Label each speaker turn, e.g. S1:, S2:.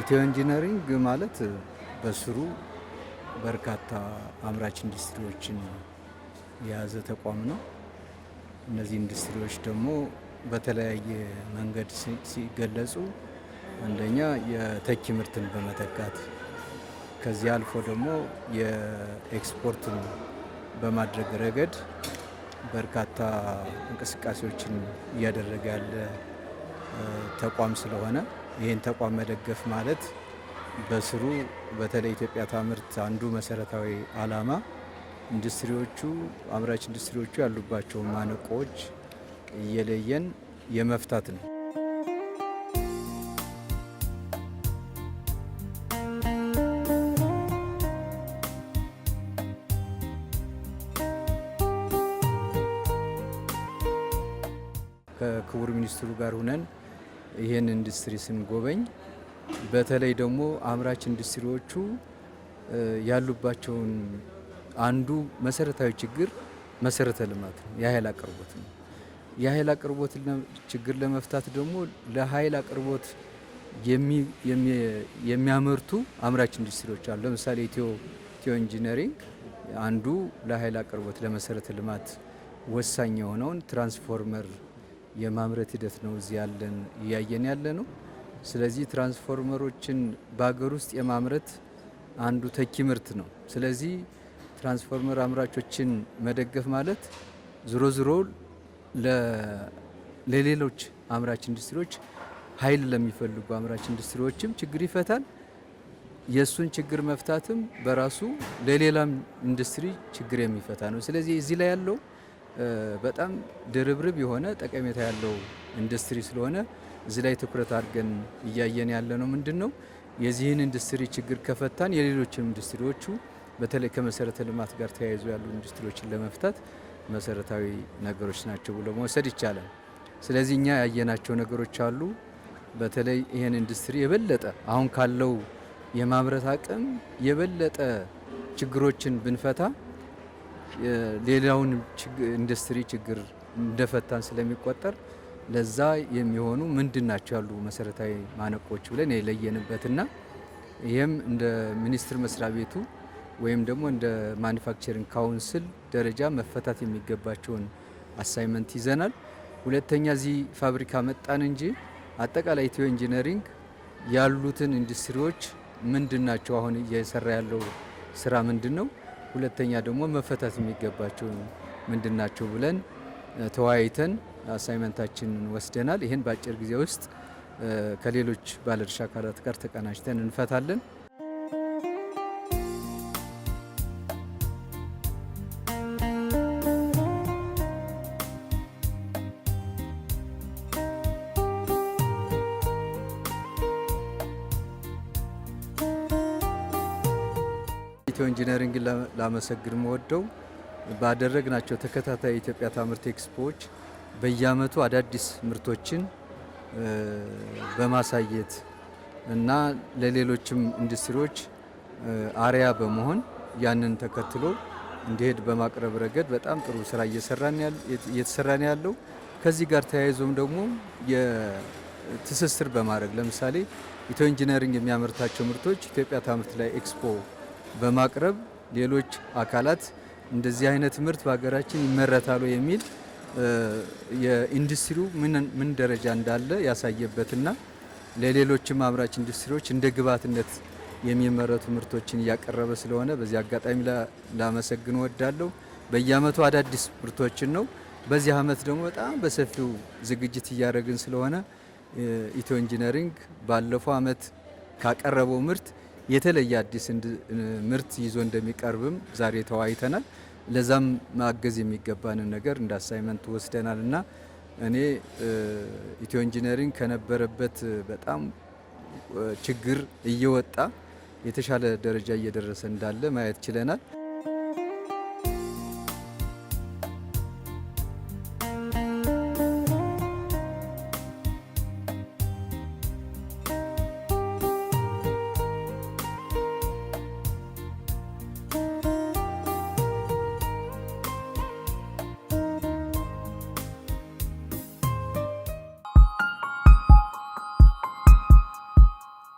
S1: ኢትዮ ኢንጂነሪንግ ማለት በስሩ በርካታ አምራች ኢንዱስትሪዎችን የያዘ ተቋም ነው። እነዚህ ኢንዱስትሪዎች ደግሞ በተለያየ መንገድ ሲገለጹ አንደኛ የተኪ ምርትን በመተካት ከዚህ አልፎ ደግሞ የኤክስፖርትን በማድረግ ረገድ በርካታ እንቅስቃሴዎችን እያደረገ ያለ ተቋም ስለሆነ ይህን ተቋም መደገፍ ማለት በስሩ በተለይ ኢትዮጵያ ታምርት አንዱ መሰረታዊ አላማ ኢንዱስትሪዎቹ አምራች ኢንዱስትሪዎቹ ያሉባቸውን ማነቆዎች እየለየን የመፍታት ነው። ከክቡር ሚኒስትሩ ጋር ሁነን ይህን ኢንዱስትሪ ስንጎበኝ በተለይ ደግሞ አምራች ኢንዱስትሪዎቹ ያሉባቸውን አንዱ መሰረታዊ ችግር መሰረተ ልማት ነው፣ የኃይል አቅርቦት ነው። የኃይል አቅርቦት ችግር ለመፍታት ደግሞ ለኃይል አቅርቦት የሚያመርቱ አምራች ኢንዱስትሪዎች አሉ። ለምሳሌ ኢትዮ ኢትዮ ኢንጂነሪንግ አንዱ ለኃይል አቅርቦት ለመሰረተ ልማት ወሳኝ የሆነውን ትራንስፎርመር የማምረት ሂደት ነው እዚህ ያለን እያየን ያለ ነው። ስለዚህ ትራንስፎርመሮችን በሀገር ውስጥ የማምረት አንዱ ተኪ ምርት ነው። ስለዚህ ትራንስፎርመር አምራቾችን መደገፍ ማለት ዝሮ ዝሮ ለሌሎች አምራች ኢንዱስትሪዎች ኃይል ለሚፈልጉ አምራች ኢንዱስትሪዎችም ችግር ይፈታል። የእሱን ችግር መፍታትም በራሱ ለሌላም ኢንዱስትሪ ችግር የሚፈታ ነው። ስለዚህ እዚህ ላይ ያለው በጣም ድርብርብ የሆነ ጠቀሜታ ያለው ኢንዱስትሪ ስለሆነ እዚህ ላይ ትኩረት አድርገን እያየን ያለ ነው። ምንድን ነው የዚህን ኢንዱስትሪ ችግር ከፈታን የሌሎችን ኢንዱስትሪዎቹ በተለይ ከመሰረተ ልማት ጋር ተያይዞ ያሉ ኢንዱስትሪዎችን ለመፍታት መሰረታዊ ነገሮች ናቸው ብሎ መውሰድ ይቻላል። ስለዚህ እኛ ያየናቸው ነገሮች አሉ። በተለይ ይህን ኢንዱስትሪ የበለጠ አሁን ካለው የማምረት አቅም የበለጠ ችግሮችን ብንፈታ ሌላውን ኢንዱስትሪ ችግር እንደፈታን ስለሚቆጠር ለዛ የሚሆኑ ምንድን ናቸው ያሉ መሰረታዊ ማነቆች ብለን የለየንበትና ይህም እንደ ሚኒስቴር መስሪያ ቤቱ ወይም ደግሞ እንደ ማኒፋክቸሪንግ ካውንስል ደረጃ መፈታት የሚገባቸውን አሳይመንት ይዘናል። ሁለተኛ እዚህ ፋብሪካ መጣን እንጂ አጠቃላይ ኢትዮ ኢንጂነሪንግ ያሉትን ኢንዱስትሪዎች ምንድን ናቸው? አሁን እየሰራ ያለው ስራ ምንድን ነው? ሁለተኛ ደግሞ መፈታት የሚገባቸው ምንድናቸው ብለን ተወያይተን አሳይመንታችንን ወስደናል። ይህን በአጭር ጊዜ ውስጥ ከሌሎች ባለድርሻ አካላት ጋር ተቀናጅተን እንፈታለን። ኢትዮ ኢንጂነሪንግ ላመሰግን መወደው ባደረግናቸው ተከታታይ የኢትዮጵያ ታምርት ኤክስፖዎች በየአመቱ አዳዲስ ምርቶችን በማሳየት እና ለሌሎችም ኢንዱስትሪዎች አሪያ በመሆን ያንን ተከትሎ እንዲሄድ በማቅረብ ረገድ በጣም ጥሩ ስራ እየተሰራን ያለው ከዚህ ጋር ተያይዞም ደግሞ ትስስር በማድረግ ለምሳሌ ኢትዮ ኢንጂነሪንግ የሚያመርታቸው ምርቶች ኢትዮጵያ ታምርት ላይ ኤክስፖ በማቅረብ ሌሎች አካላት እንደዚህ አይነት ምርት በሀገራችን ይመረታሉ የሚል የኢንዱስትሪው ምን ደረጃ እንዳለ ያሳየበትና ለሌሎችም አምራች ኢንዱስትሪዎች እንደ ግብዓትነት የሚመረቱ ምርቶችን እያቀረበ ስለሆነ በዚህ አጋጣሚ ላመሰግን ወዳለሁ። በየአመቱ አዳዲስ ምርቶችን ነው። በዚህ አመት ደግሞ በጣም በሰፊው ዝግጅት እያደረግን ስለሆነ ኢትዮ ኢንጂነሪንግ ባለፈው አመት ካቀረበው ምርት የተለየ አዲስ ምርት ይዞ እንደሚቀርብም ዛሬ ተወያይተናል። ለዛም ማገዝ የሚገባንን ነገር እንደ አሳይመንት ወስደናል እና እኔ ኢትዮ ኢንጂነሪንግ ከነበረበት በጣም ችግር እየወጣ የተሻለ ደረጃ እየደረሰ እንዳለ ማየት ችለናል።